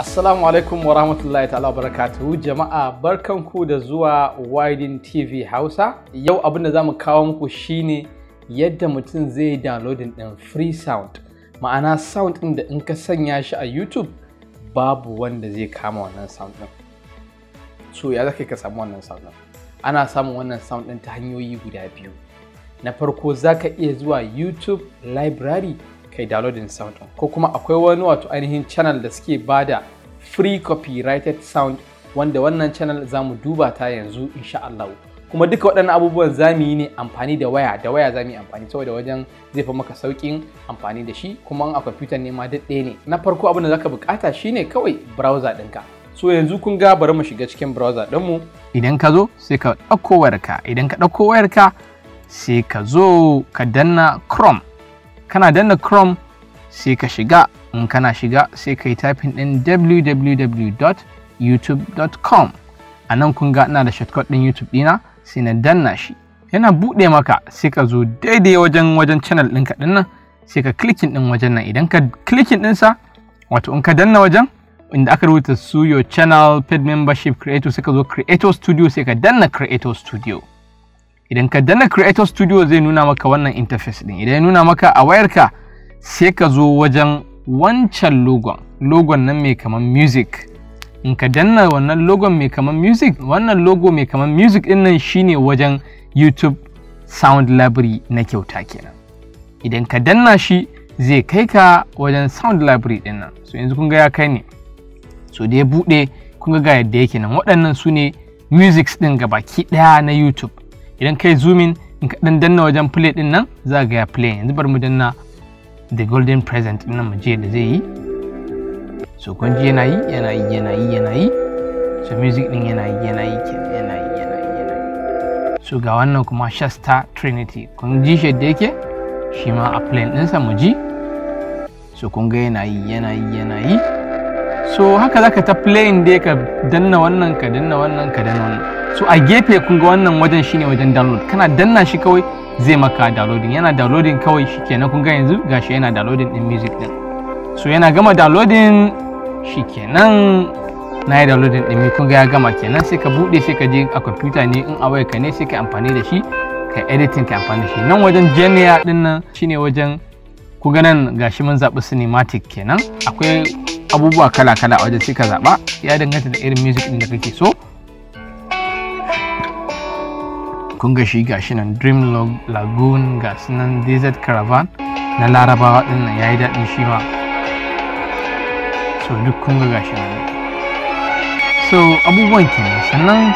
Assalamu alaikum wa rahmatullahi ta'ala wa barakatuhu jama'a barkanku da zuwa Widen TV Hausa. Yau abin da za mu kawo muku shine yadda mutum zai downloading ɗin free sound. Ma'ana sound ɗin da in ka sanya shi a YouTube babu wanda zai kama wannan sound ɗin. So ya zaka ka samu wannan sound ɗin. Ana samun wannan sound ɗin ta hanyoyi guda biyu. Na farko zaka iya zuwa YouTube library kai downloading sound ko kuma akwai wani wato ainihin channel da suke bada free copyrighted sound wanda wannan channel zamu mu duba ta yanzu insha Allah kuma duka waɗannan abubuwan za mu yi ne amfani da waya da waya za mu yi amfani saboda wajen zai fi maka saukin amfani da shi kuma a kwamfuta ne ma duk ne na farko abin da zaka bukata shine kawai browser ɗinka so yanzu kun ga bari mu shiga cikin browser ɗinmu idan ka zo sai ka ɗauko wayarka idan ka ɗauko wayarka sai ka zo ka danna chrome kana danna chrome sai ka shiga in kana shiga sai ka yi typing ɗin www.youtube.com a nan kun ga ina da shortcut ɗin youtube ɗina sai na danna shi yana buɗe maka sai ka zo daidai wajen wajen channel ɗinka ɗin nan sai ka clicking ɗin wajen nan idan ka clicking ɗinsa wato in ka danna wajen inda aka rubuta su your channel paid membership creator sai ka zo creator studio sai ka danna creator studio idan ka danna creator studio zai nuna maka wannan interface din idan ya nuna maka a wayarka sai ka zo wajen wancan logon logon nan mai kaman music in ka danna wannan logon mai kaman music wannan logo mai kaman music din nan shine wajen youtube sound library na kyauta kenan idan ka danna shi zai kai ka wajen sound library din nan so yanzu kun ga ya kai ne so da ya buɗe kun ga yadda yake nan waɗannan su ne musics ɗin gabaki ɗaya na youtube idan kai zoomin in ka dan danna wajen plate din nan za ga ya play yanzu bar mu danna the golden present din nan mu je da zai yi so kun ji yana yi yana yi yana yi yana yi so music din yana yi yana yi yana yi yana yi yana yi so ga wannan kuma shasta trinity kun ji shi da yake shi ma a plane sa mu ji so kun ga yana yi yana yi yana yi so haka zaka ta playing dai ka danna wannan ka danna wannan ka danna wannan so a gefe kun ga wannan wajen shine wajen download kana danna shi kawai zai maka downloading yana downloading kawai shikenan kun ga yanzu gashi yana downloading din music din so yana gama downloading shikenan na yi downloading din kun ga ya gama kenan sai ka bude sai ka je a computer ne in a ka ne sai ka amfani da shi ka editing ka amfani da shi nan wajen genia din nan shine wajen ku ga nan gashi mun zaɓi cinematic kenan akwai abubuwa kala-kala wajen sai ka zaɓa ya danganta da irin music din da kake so kun ga shi gashi nan dream lagoon ga nan desert caravan na larabawa din nan yayi daɗi shi ma so duk kun ga gashi nan so abubuwan nan sannan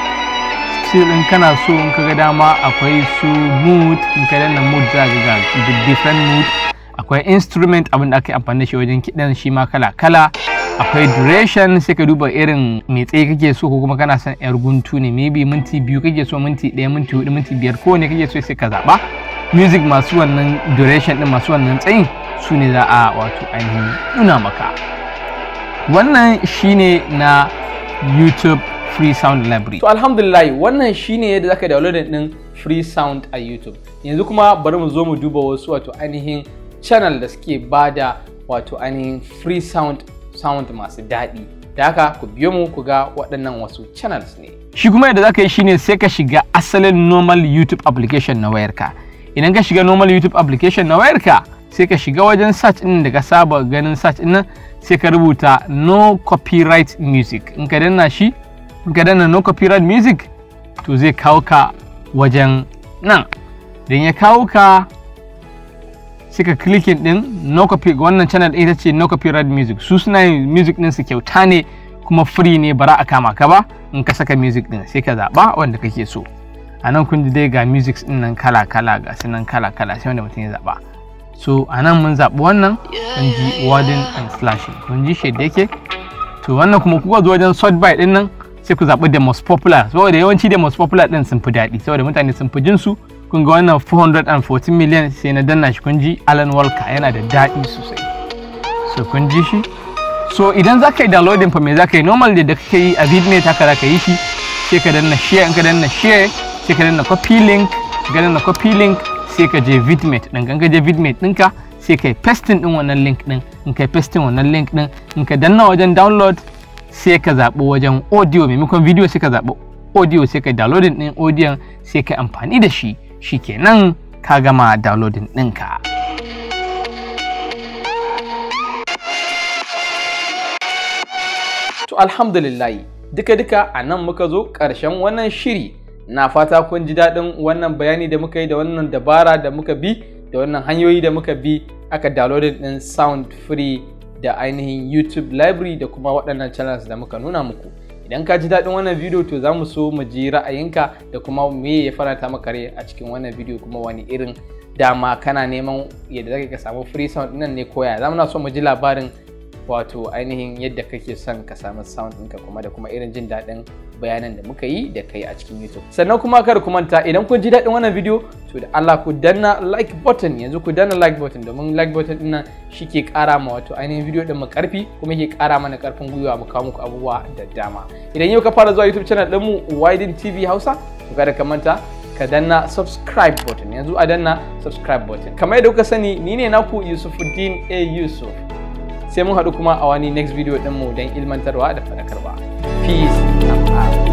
still in kana so in ka ga dama akwai su mood in ka danna mood za ga different mood akwai instrument abin da aka yi amfani da shi wajen kiɗan shi ma kala kala akwai duration sai ka duba irin mai tsaye kake so ko kuma kana son yar guntu ne maybe minti biyu kake so minti ɗaya minti hudu minti biyar ko ne kake so sai ka zaɓa music masu wannan duration din masu wannan tsayin su ne za a wato ainihin nuna maka wannan shine na youtube free sound library to alhamdulillah wannan shine yadda zaka download din free sound a youtube yanzu kuma bari mu zo mu duba wasu wato ainihin channel da suke bada wato ainihin free sound sound masu daɗi da haka ku biyo mu ku ga waɗannan wasu channels ne shi kuma yadda zaka yi shine sai ka shiga asalin normal youtube application na wayarka idan ka shiga normal youtube application na wayarka sai ka shiga wajen search ɗin da ka saba ganin search ɗin sai ka rubuta no copyright music in ka danna shi in ka danna no copyright music to zai kawo ka wajen nan don ya kawo ka suka klikin clicking din no copy wannan channel din ita ce no copyright music su suna yin music din su kyauta ne kuma free ne bara a kama ka ba in ka saka music din sai ka zaba wanda kake so a nan kun ji dai ga music din nan kala kala ga su nan kala kala sai wanda mutum ya zaba so a nan mun zaɓi wannan kun ji warden and slashing kun ji shade yake to wannan kuma kuka zo wajen sort by din nan sai ku zaɓi the most popular saboda yawanci the most popular din sun fi daɗi saboda mutane sun fi jin su kun ga wannan 440 million sai na danna shi kun ji alan walker yana da daɗi sosai so kun ji shi so idan za ka yi downloading fa me za ka yi normal da kake yi a vidmate haka za ka yi shi sai ka danna share in ka danna share sai ka danna copy link ka danna copy link sai ka je vidmate ɗin kan ka je vidmate ɗinka sai ka yi pasting ɗin wannan link ɗin in ka yi pasting wannan link ɗin in ka danna wajen download sai ka zaɓi wajen audio maimakon video sai ka zaɓi audio sai ka downloading ɗin audio sai ka amfani da shi shikenan ka gama downloading ɗinka. To alhamdulillahi duka-duka a nan muka zo ƙarshen wannan shiri na fata kun ji daɗin wannan bayani da muka yi da wannan dabara da muka bi da wannan hanyoyi da muka bi aka downloading ɗin sound free da ainihin YouTube library da kuma waɗannan channels da muka nuna muku. idan ka ji daɗin wannan bidiyo to za mu so mu ji ra'ayinka da kuma me ya faranta maka rai a cikin wannan bidiyo kuma wani irin dama kana neman yadda zaka ka samu free sound nan ne koya za mu na so mu ji labarin wato ainihin yadda kake son ka samu sound ɗinka kuma da kuma irin jin daɗin bayanan da muka yi da kai a cikin YouTube. Sannan kuma kar ku manta idan kun ji daɗin wannan bidiyo to da Allah ku danna like button yanzu ku danna like button domin like button din nan ke kara ma wato ainihin video din mu karfi kuma yake kara mana karfin gwiwa mu kawo muku abubuwa da dama idan yau ka fara zuwa YouTube channel din mu Widen TV Hausa to kada ka manta ka danna subscribe button yanzu a danna subscribe button kamar yadda kuka sani ni ne naku Yusufuddin A Yusuf sai mun haɗu kuma a wani next video din mu don ilmantarwa da faɗakarwa peace and love